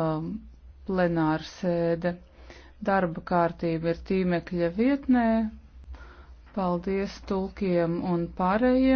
um, plenāra sēde. Darba kārtība ir tīmekļa vietnē. Paldies tulkiem un pārējiem.